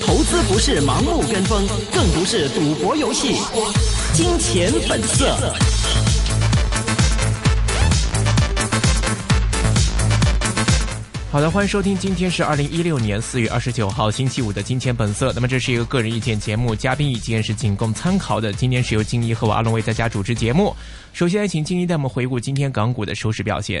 投資不是盲目跟風，更不是賭博遊戲。金錢本色。好的，歡迎收聽，今天是二零一六年四月二十九號星期五的《金錢本色》。那麼這是一個個人意見節目，嘉賓意見是僅供參考的。今天是由金一和我阿龍為大家主持節目。首先，請金一帶我們回顧今天港股的收市表現。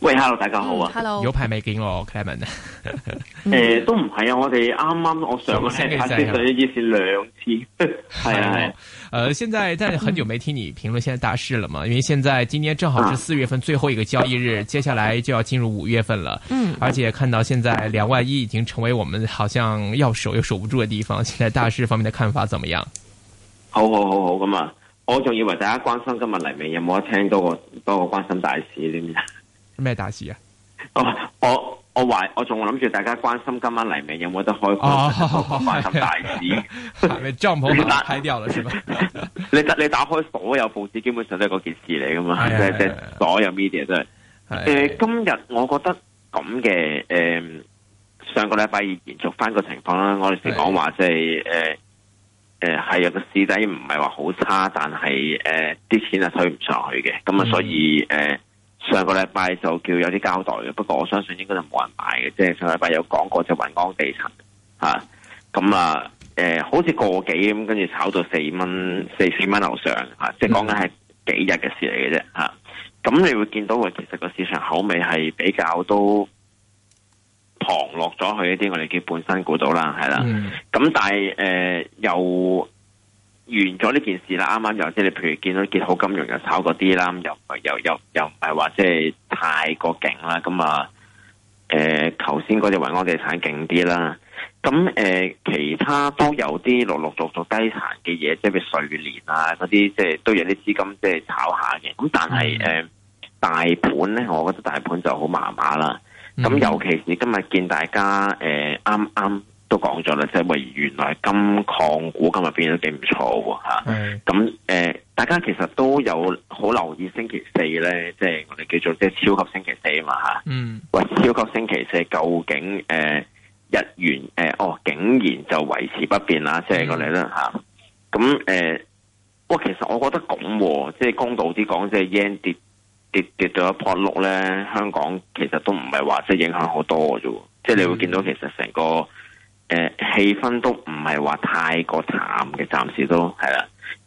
喂，hello，大家好啊、嗯、！Hello，有排未見我，Clement 啊？誒、呃，都唔係啊，我哋啱啱我上個星期上咗熱線兩次。係啊、嗯，誒，嗯、現在但係很久沒聽你評論現在大市了嘛？因為現在今年正好是四月份最後一個交易日，啊、接下來就要進入五月份了。嗯，而且看到現在兩萬一已經成為我們好像要守又守不住嘅地方。現在大市方面的看法怎麼樣？好，好好好咁啊！我仲以為大家關心今日黎明有冇得聽多個多個關心大市啲咩？咩大事啊？Oh, 我我我我仲諗住大家關心今晚黎明有冇得開波、oh, 大事的，你打睇你打開所有報紙，基本上都係嗰件事嚟噶嘛，即係 所有 media 都係。誒、 呃，今日我覺得咁嘅，誒、呃，上個禮拜二延續翻個情況啦。我哋成講話就係、是，誒、呃，誒、呃，係有個市底唔係話好差，但係誒啲錢係推唔上去嘅，咁、呃、啊所以誒。呃上個禮拜就叫有啲交代嘅，不過我相信應該就冇人買嘅，即係上個禮拜有講過就雲岡地層。吓，咁啊，誒、啊呃，好似過幾咁，跟住炒到四蚊、四四蚊樓上吓，即係講緊係幾日嘅事嚟嘅啫吓，咁、啊、你會見到嘅其實個市場口味係比較都旁落咗去一啲，我哋叫半新股度啦，係啦、嗯，咁但係誒、呃、又。完咗呢件事啦，啱啱又即係，譬如見到建好金融又炒嗰啲啦，又唔係又又唔係話即係太過勁啦，咁啊，誒、呃，頭先嗰隻宏安地產勁啲啦，咁誒、呃，其他都有啲陸陸續續低殘嘅嘢，即係譬如瑞年啊嗰啲，即係都有啲資金即係炒下嘅，咁但係誒、嗯呃，大盤咧，我覺得大盤就好麻麻啦，咁尤其是今日見大家誒，啱、呃、啱。剛剛都講咗啦，即係話原來金礦股今日變咗幾唔錯喎嚇。咁大家其實都有好留意星期四咧，即係我哋叫做即係超級星期四啊嘛嚇。喂，超級星期四究竟誒日元誒哦，竟然就維持不變啦，即係我哋啦嚇。咁誒，其實我覺得咁喎，即係公道啲講，即係 yen 跌跌跌到一樖六咧，香港其實都唔係話即係影響好多嘅啫。即係你會見到其實成個。誒，氣氛都唔係話太過淡嘅，暫時都係啦。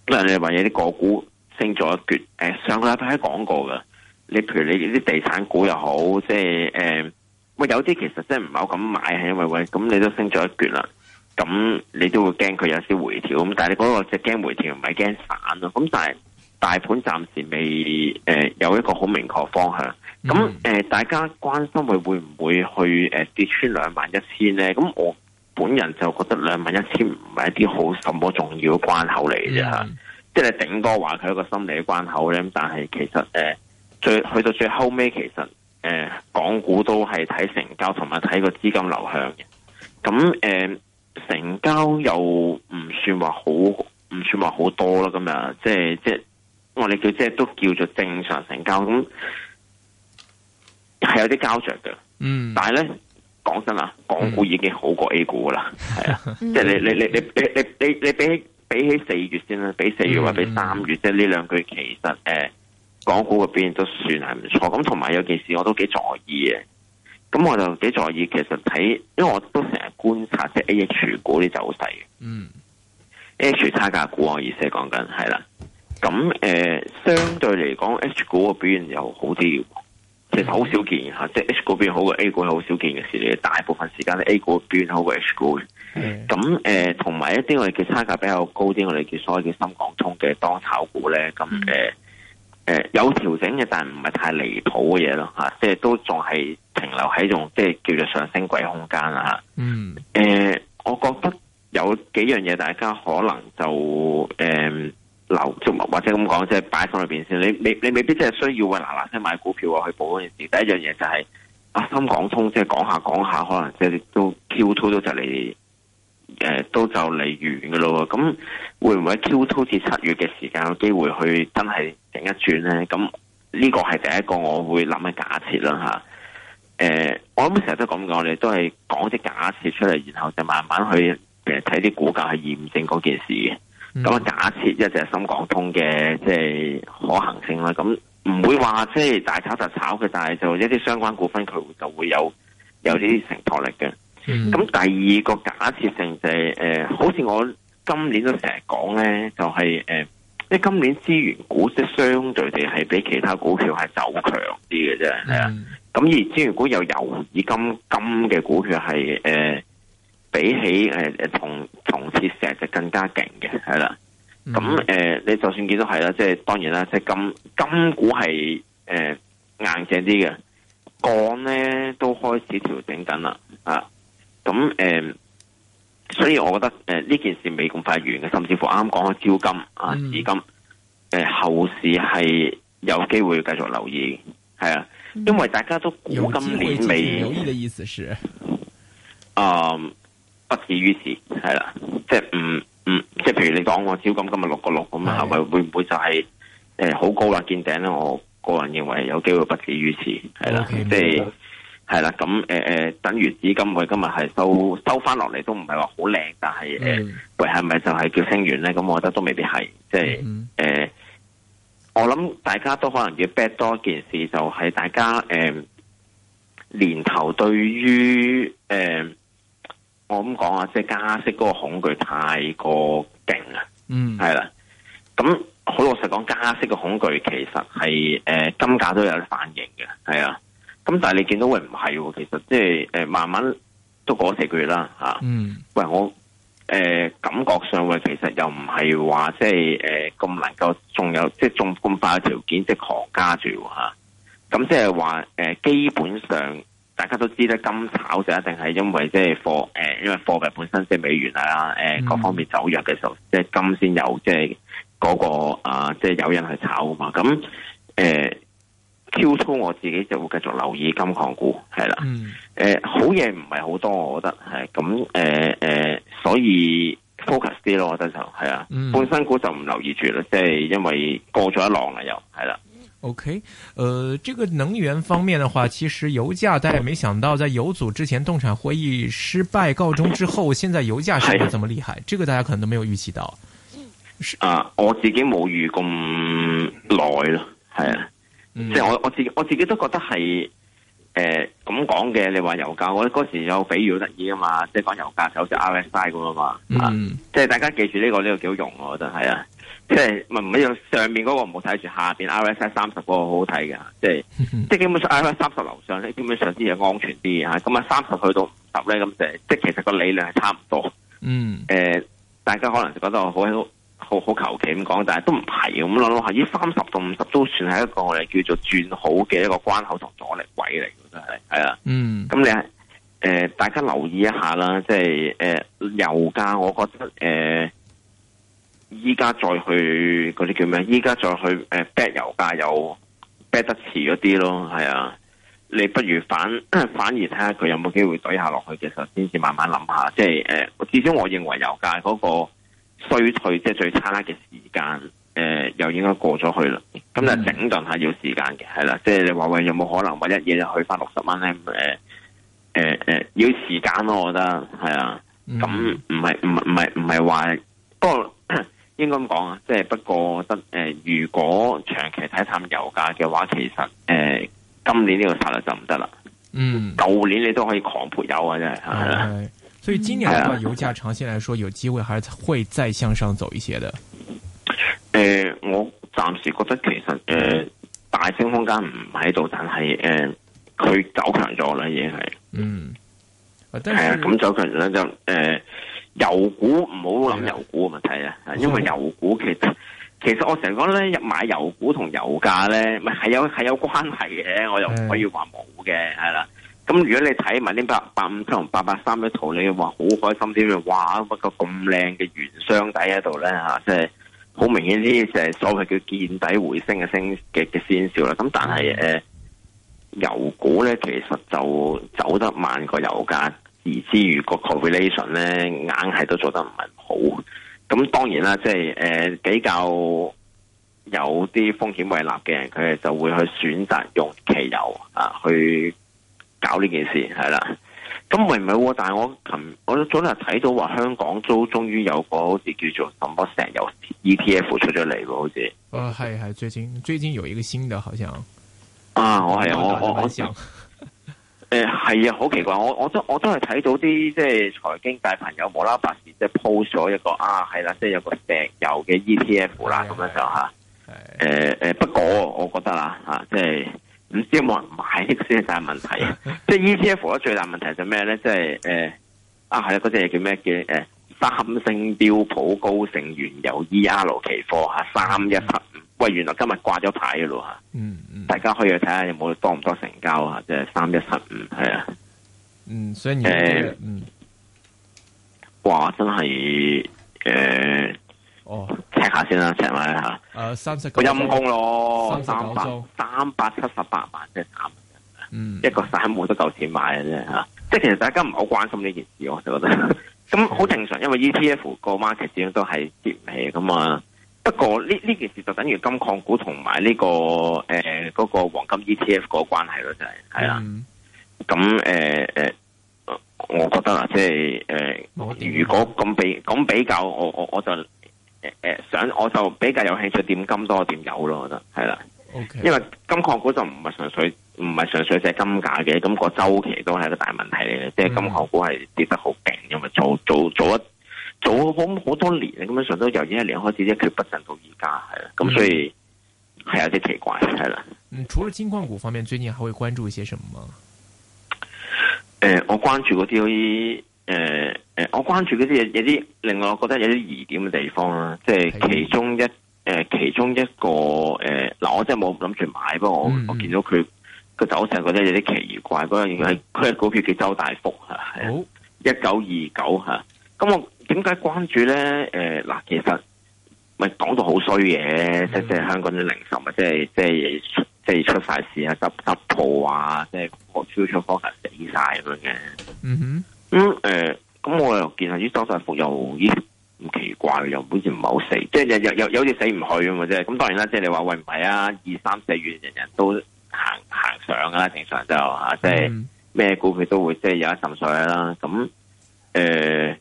咁你哋話有啲個股升咗一橛，誒、呃，上個禮拜講過嘅，你譬如你啲地產股又好，即係誒、呃，喂，有啲其實真唔係好敢買，係因為喂，咁你都升咗一橛啦，咁你都會驚佢有啲回調，咁但係你嗰個只驚回調唔係驚散咯。咁但係大盤暫時未誒、呃、有一個好明確方向，咁誒、呃、大家關心會會唔會去誒、呃、跌穿兩萬一千咧？咁我。本人就覺得兩萬一千唔係一啲好什麼重要嘅關口嚟嘅啫嚇，即係 Yeah. 頂多話佢一個心理關口咧。但係其實誒、呃，最去到最後尾，其實誒、呃、港股都係睇成交同埋睇個資金流向嘅。咁誒、呃、成交又唔算話好，唔算話好多啦。咁樣即係即係我哋叫即係、就是、都叫做正常成交，咁係有啲膠着嘅。嗯、mm.，但係咧。講真啦，港股已經好過 A 股噶啦，係啊，即係你你你你你你你你比起比起四月先啦，比四月或比三月，即係呢兩句其實誒、呃，港股嘅表現都算係唔錯。咁同埋有件事我都幾在意嘅，咁我就幾在意其實睇，因為我都成日觀察即 H 股啲走勢嘅，嗯，H 差價股我意思係講緊係啦，咁誒、呃、相對嚟講，H 股嘅表現又好啲。其實好少見吓，即係、mm hmm. H 股變好過 A 股係好少見嘅事嚟，大部分時間咧 A 股變好過 H 股。咁誒、mm，同、hmm. 埋、呃、一啲我哋叫差價比較高啲，我哋叫所謂叫深港通嘅當炒股咧，咁誒誒有調整嘅，但係唔係太離譜嘅嘢咯吓，即係都仲係停留喺種即係叫做上升軌空間嗯，誒、啊 mm hmm. 呃，我覺得有幾樣嘢大家可能就誒。呃留，或者咁講，即係擺心裏面先。你你未必真係需要啊！嗱嗱聲買股票啊，去補嗰件事。第一樣嘢就係、是、啊，深港通即係講下講下，可能即係都 Q2 都就嚟，誒、呃、都就嚟完㗎咯。咁會唔會 Q2 至七月嘅時間有機會去真係整一轉呢？咁呢個係第一個我會諗嘅假設啦，嚇。誒，我諗成日都咁講，我哋都係講啲假設出嚟，然後就慢慢去睇啲股價去驗證嗰件事嘅。咁、嗯、假設一就係深港通嘅，即係可行性啦，咁唔會話即係大炒特炒嘅，但係就一啲相關股份佢就會有有啲承托力嘅。咁、嗯、第二個假設性就係、是、誒、呃，好似我今年都成日講咧，就係、是、誒，即、呃、係今年資源股即係相對地係比其他股票係走強啲嘅啫。係、呃、啊、咁、嗯、而資源股又尤以金金嘅股票係誒。呃比起誒誒、呃、同同鐵石就更加勁嘅係啦，咁誒、嗯呃、你就算見到係啦，即係當然啦，即係金金股係誒、呃、硬淨啲嘅，鋼咧都開始調整緊啦啊，咁誒，所以我覺得誒呢件事未咁快完嘅，甚至乎啱啱講開招金啊，紫金誒後市係有機會繼續留意，係啊，因為大家都估今年未，誒。呃不止於此，係啦，即係唔唔，即係譬如你講我招金今日六個六咁啊，會會唔會就係誒好高啦見頂咧？我個人認為有機會不止於此，係啦，即係係啦，咁誒等於資金佢今日係收收翻落嚟都唔係話好靚，但係誒，喂係咪就係叫升完咧？咁我覺得都未必係，即係誒、呃，我諗大家都可能要 back 多一件事，就係、是、大家誒、嗯、年頭對於誒。嗯我咁講啊，即係加息嗰個恐懼太過勁啊，嗯，係啦，咁好老實講，加息嘅恐懼其實係誒、呃、金價都有啲反應嘅，係啊，咁但係你見到喂唔係喎，其實即係、呃、慢慢都過咗四個月啦嚇，嗯喂，喂我誒、呃、感覺上喂其實又唔係話即係誒咁能夠仲有即係仲咁快嘅條件即係、就是、狂加住嚇，咁即係話誒基本上。大家都知咧，金炒就一定係因為即係貨，誒，因為貨幣本身即係美元啊，誒，各方面走弱嘅時候，即係、嗯、金先有即係嗰個啊，即係有人去炒啊嘛。咁，誒、呃，超我自己就會繼續留意金礦股，係啦。誒、嗯呃，好嘢唔係好多，我覺得係咁，誒，誒、呃，所以 focus 啲咯，我覺得就係啊。本身股就唔留意住啦，即係因為過咗一浪啦，又係啦。O K，誒，這個能源方面的話，其實油價，大家也沒想到，在油組之前凍產會議失敗告終之後，現在油價升得咁厲害，的這個大家可能都沒有預期到。啊，我自己冇預咁耐咯，係啊，即係我我自己我自己都覺得係誒咁講嘅。你話油價，我嗰時有比喻得意噶嘛，即係講油價就好似 R S I 咁啊嘛，即係、嗯啊就是、大家記住呢、這個呢、這個幾好用，我覺得係啊。即係唔係唔一樣？上面嗰個唔好睇住，下邊 RSI 三十嗰個好好睇嘅，即係即係基本上 RSI 三十樓上咧，基本上啲嘢安全啲吓。咁啊，三十去到五十咧，咁就即係其實個理論係差唔多。嗯，誒，大家可能就覺得我好好好求其咁講，但係都唔係咁諗諗下，咦，三十到五十都算係一個我哋叫做轉好嘅一個關口同阻力位嚟嘅，真係係啊。嗯，咁你誒，大家留意一下啦，即係誒，油價我覺得誒。呃依家再去嗰啲叫咩？依家再去誒，跌油價又跌得遲一啲咯，係啊！你不如反反而睇下佢有冇機會懟下落去嘅時候，先至慢慢諗下。即係誒，至少我認為油價嗰個衰退即係、就是、最差嘅時間，誒、呃、又應該過咗去啦。咁就整頓下要時間嘅，係啦、啊。即係你話話，有冇可能話一嘢就去翻六十蚊咧？誒誒誒要時間咯，我覺得係啊。咁唔係唔係唔係唔係話不過應該咁講啊，即係不過得誒、呃，如果長期睇淡油價嘅話，其實誒、呃、今年呢個策略就唔得啦。嗯，舊年你都可以狂潑油啊，真係。嗯啊、所以今年有有油價長期嚟說有機會還會再向上走一些的。誒、呃，我暫時覺得其實誒、呃、大升空間唔喺度，但係誒佢走強咗啦，已經係。嗯。係啊，咁走強咗咧就誒。呃油股唔好諗油股嘅問題啊，的因為油股其實其實我成日講咧，買油股同油價咧，係係有係有關係嘅，我又唔可以話冇嘅係啦。咁的如果你睇埋呢八八五七同八八三一圖，你話好開心啲，哇！不過咁靚嘅圓雙底喺度咧吓，即係好明顯啲，即係所謂叫見底回升嘅升嘅嘅先兆啦。咁但係誒、呃，油股咧其實就走得慢過油價。而至於、那個 correlation 咧，硬係都做得唔係好。咁當然啦，即係誒、呃、比較有啲風險胃納嘅人，佢哋就會去選擇用期油啊去搞呢件事係啦。咁唔係喎，但係我琴我琴日睇到話香港都終於有個好似叫做什麼石油 ETF 出咗嚟喎，好似。誒係係，最近最近有一個新嘅好像。啊，我係我我我想。誒係、呃、啊，好奇怪，我我都我都係睇到啲即係財經界朋友無啦八時即係 post 咗一個啊係、啊、啦，即係有個石油嘅 ETF 啦，咁樣就吓誒誒，啊、是是是，不過我覺得啦吓、啊，即係唔知有冇人買先係大問題。即係 ETF 咧，最大問題就咩咧？ 即係誒啊係啦，嗰隻嘢、啊那個、叫咩叫誒三星標普高盛原油 ER 期貨吓三一喂，原來今日掛咗牌嘅咯，嗯嗯，嗯大家可以去睇下有冇多唔多成交15，啊，即係三一十五，係啊，嗯，所以誒，哇，真係誒，呃、哦，check 下先啦，check 下。嚇，誒、呃，三十九陰公咯，三百三百七十八萬即係三一個省冇得夠錢買嘅啫嚇，啊嗯、即係其實大家唔係好關心呢件事，我就覺得，咁好正常，因為 E T F 個 market 點都係接尾嘅咁啊。嗯嗯不過呢呢件事就等於金礦股同埋呢個誒、呃嗰個黃金 ETF 個關係咯，就係係啦。咁誒誒，我覺得啊，即係誒，呃、如果咁比咁比較，我我我就誒誒、呃，想我就比較有興趣點金多點有咯，我覺得係啦。Okay. 因為金礦股就唔係純粹唔係純粹只金價嘅，咁、個周期都係一個大問題嚟嘅。嗯、即係金礦股係跌得好勁，因為做做，做，做一。早好好多年咧，咁上都由一一年開始一蹶不振到而家係啦，咁、嗯、所以係有啲奇怪係啦。的嗯，除了金礦股方面，最近還會關注一些什麼？誒、呃，我關注嗰啲，誒、呃、誒、呃，我關注嗰啲有啲另外我覺得有啲疑點嘅地方啦。即係其中一，誒、呃，其中一個，誒，嗱，我真係冇諗住買，不過我、嗯、我見到佢個走勢覺得有啲奇怪。嗰日原來佢嘅股票叫周大福吓，係、哦、啊，一九二九吓，咁我。點解關注咧？誒，嗱，其實咪講到好衰嘅，即係香港啲零售咪，即係即係即係出晒事啊，執執鋪啊，即係個 f u 方 u 死晒咁嘅樣 mm hmm. 嗯哼，咁、呃、誒，咁我又見下啲多大服又咦咁奇怪，又好似唔好死，即係又又又好似死唔去咁即啫。咁當然啦，即係你話喂唔係啊，二三四月人，人人都行行上啦，正常就吓，即係咩股票都會即係有一層水啦。咁誒。呃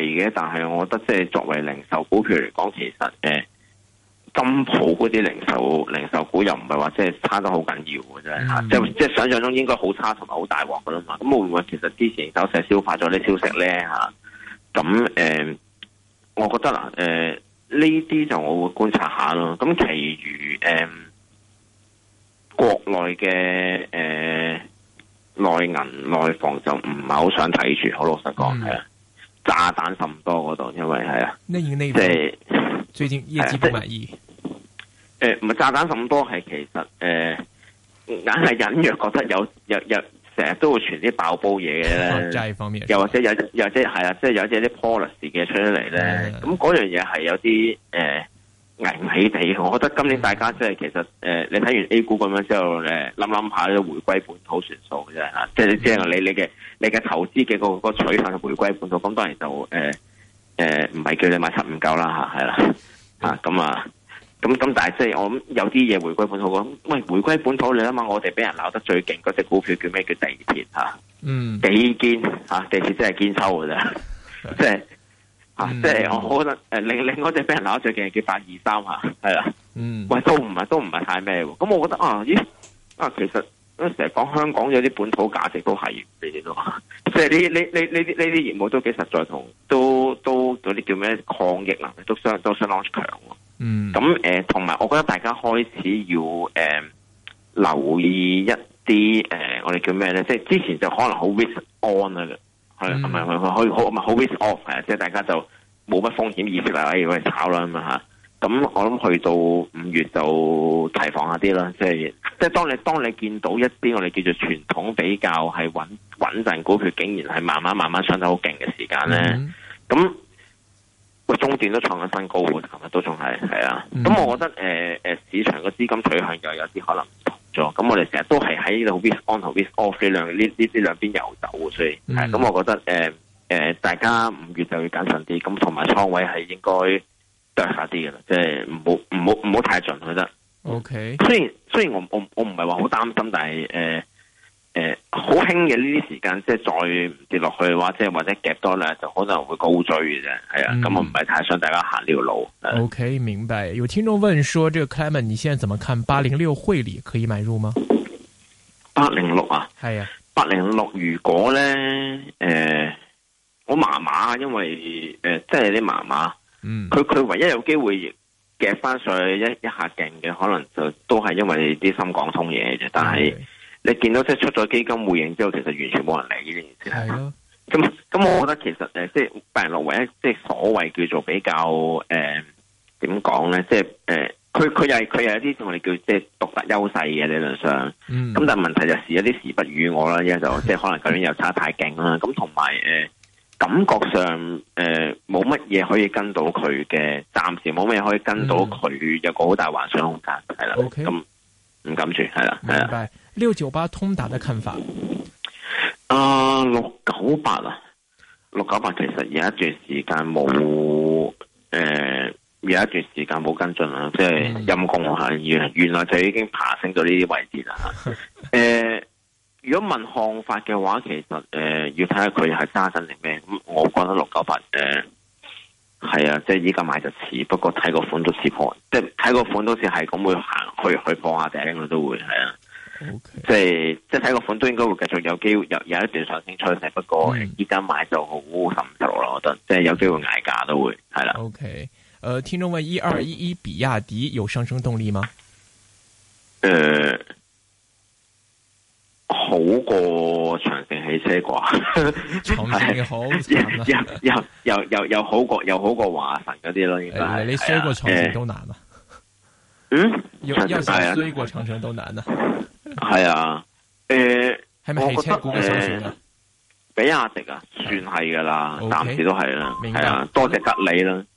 係嘅，但係我覺得即係作為零售股票嚟講，其實誒、呃，金普嗰啲零售零售股又唔係話即係差得好緊要嘅啫吓，即係即係想象中應該好差同埋好大鑊噶啦嘛。咁會唔會其實之前走勢消化咗啲消息咧吓？咁、啊、誒、呃，我覺得啦，誒呢啲就我會觀察一下咯。咁其餘誒、呃，國內嘅誒內銀內房就唔係好想睇住，好老實講係啊。嗯炸彈甚多嗰度，因為係啊，即係、啊、最近業績、啊即呃、不滿意。誒，唔係炸彈甚多，係其實誒，硬係隱約覺得有有有成日都會傳啲爆煲嘢咧，即方面，又或者有啲又係啊，即係有啲啲 policy 嘅出嚟咧，咁嗰、啊、樣嘢係有啲誒。呃硬起地，我覺得今年大家即係其實誒、呃，你睇完 A 股咁樣之後，誒諗諗下都回歸本土算數嘅啫，即係即係你你嘅你嘅投資嘅、嗰個、嗰個取向回歸本土，咁當然就誒唔係叫你買七五九啦係啦，咁啊，咁咁、啊啊啊、但係即係我有啲嘢回歸本土，咁，喂回歸本土你諗下我哋俾人鬧得最勁嗰隻股票叫咩？叫地鐵嚇，啊、嗯，地堅嚇、啊，地鐵真係堅抽噶咋，即、啊、係。的嗯、即係我覺得誒另另外隻俾人鬧最勁係叫百二三嚇，係啦，嗯，喂都唔係都唔係太咩喎，咁我覺得啊咦啊其實成日講香港有啲本土價值都係呢啲咯，即係呢呢呢呢啲呢啲業務都幾實在，同都都啲叫咩抗疫啊都相都相當強喎，咁誒同埋我覺得大家開始要誒、呃、留意一啲誒、呃、我哋叫咩咧，即係之前就可能好 risk on 啊。係，係唔係可以好好，好 risk off 即係大家就冇乜風險意識啦，哎，去炒啦咁啊吓，咁我諗去到五月就提防一下啲啦，即係即係當你當你見到一啲我哋叫做傳統比較係穩穩陣股票，竟然係慢慢慢慢上得好勁嘅時間咧，咁、嗯，喂，中段都創咗新高嘅，琴日都仲係係啊，咁我覺得誒誒、呃，市場個資金取向又有啲可能。咁我哋成日都係喺好 risk on 同 risk off 呢兩呢呢兩邊游走，所以咁我覺得誒誒、呃，大家五月就要謹慎啲，咁同埋倉位係應該剁下啲嘅啦，即係唔好唔好唔好太盡就得。OK，雖然雖然我我我唔係話好擔心，但係誒。呃誒，好興嘅呢啲時間，即係再跌落去嘅話，即係或者夾多咧，就可能會高追嘅啫，係啊。咁、嗯、我唔係太想大家行呢條路。O、okay, K，明白。有聽眾問說，這個 Clement 你現在怎麼看八零六匯理可以買入嗎？八零六啊，係啊、哎呀，八零六，如果咧，誒、呃，我麻麻，因為誒，即係啲麻麻，就是、媽媽嗯，佢佢唯一有機會夾翻上去一一下勁嘅，可能就都係因為啲深港通嘢嘅，但係。嗯。你見到即係出咗基金回應之後，其實完全冇人理呢件事係咁咁，我覺得其實誒，即係百人樂唯一即係所謂叫做比較誒，點講咧？即係誒，佢佢又係佢又有一啲我哋叫即係獨特優勢嘅理論上。咁但係問題就係一啲時不與我啦，因為就即係可能究竟又差太勁啦。咁同埋誒，感覺上誒冇乜嘢可以跟到佢嘅，暫時冇咩可以跟到佢，有個好大幻想空間係啦。咁唔敢住係啦，係啦。六九八通達的看法，啊，六九八啊，六九八其實有一段時間冇誒，有一段時間冇跟進啦，即係陰功吓。原、mm. 原來就已經爬升到呢啲位置啦吓。誒、 呃，如果問看法嘅話，其實誒、呃、要睇下佢係揸緊定咩。咁我覺得六九八誒係啊，即係依家買就遲，不過睇個款都似。破，即係睇個款都似係咁會行去去放下底，我都會係啊。即係即係睇個款都應該會繼續有機會有有一段上升趨勢，不過依家、嗯、買就好唔到咯，我覺得即係、就是、有機會挨價都會係啦。OK，誒、呃，聽眾問一二一一比亞迪有上升動力嗎？誒、呃，好過長城汽車啩？長城好，又又又又好過又好過華晨嗰啲咯。你你衰過長城都難啊？嗯、呃， 要衰過長城都難啊？ 係 啊，誒、欸，是是我覺得誒，比亞迪啊，算係噶啦，暫的時都係啦，係 Okay? 啊，白多謝吉利啦。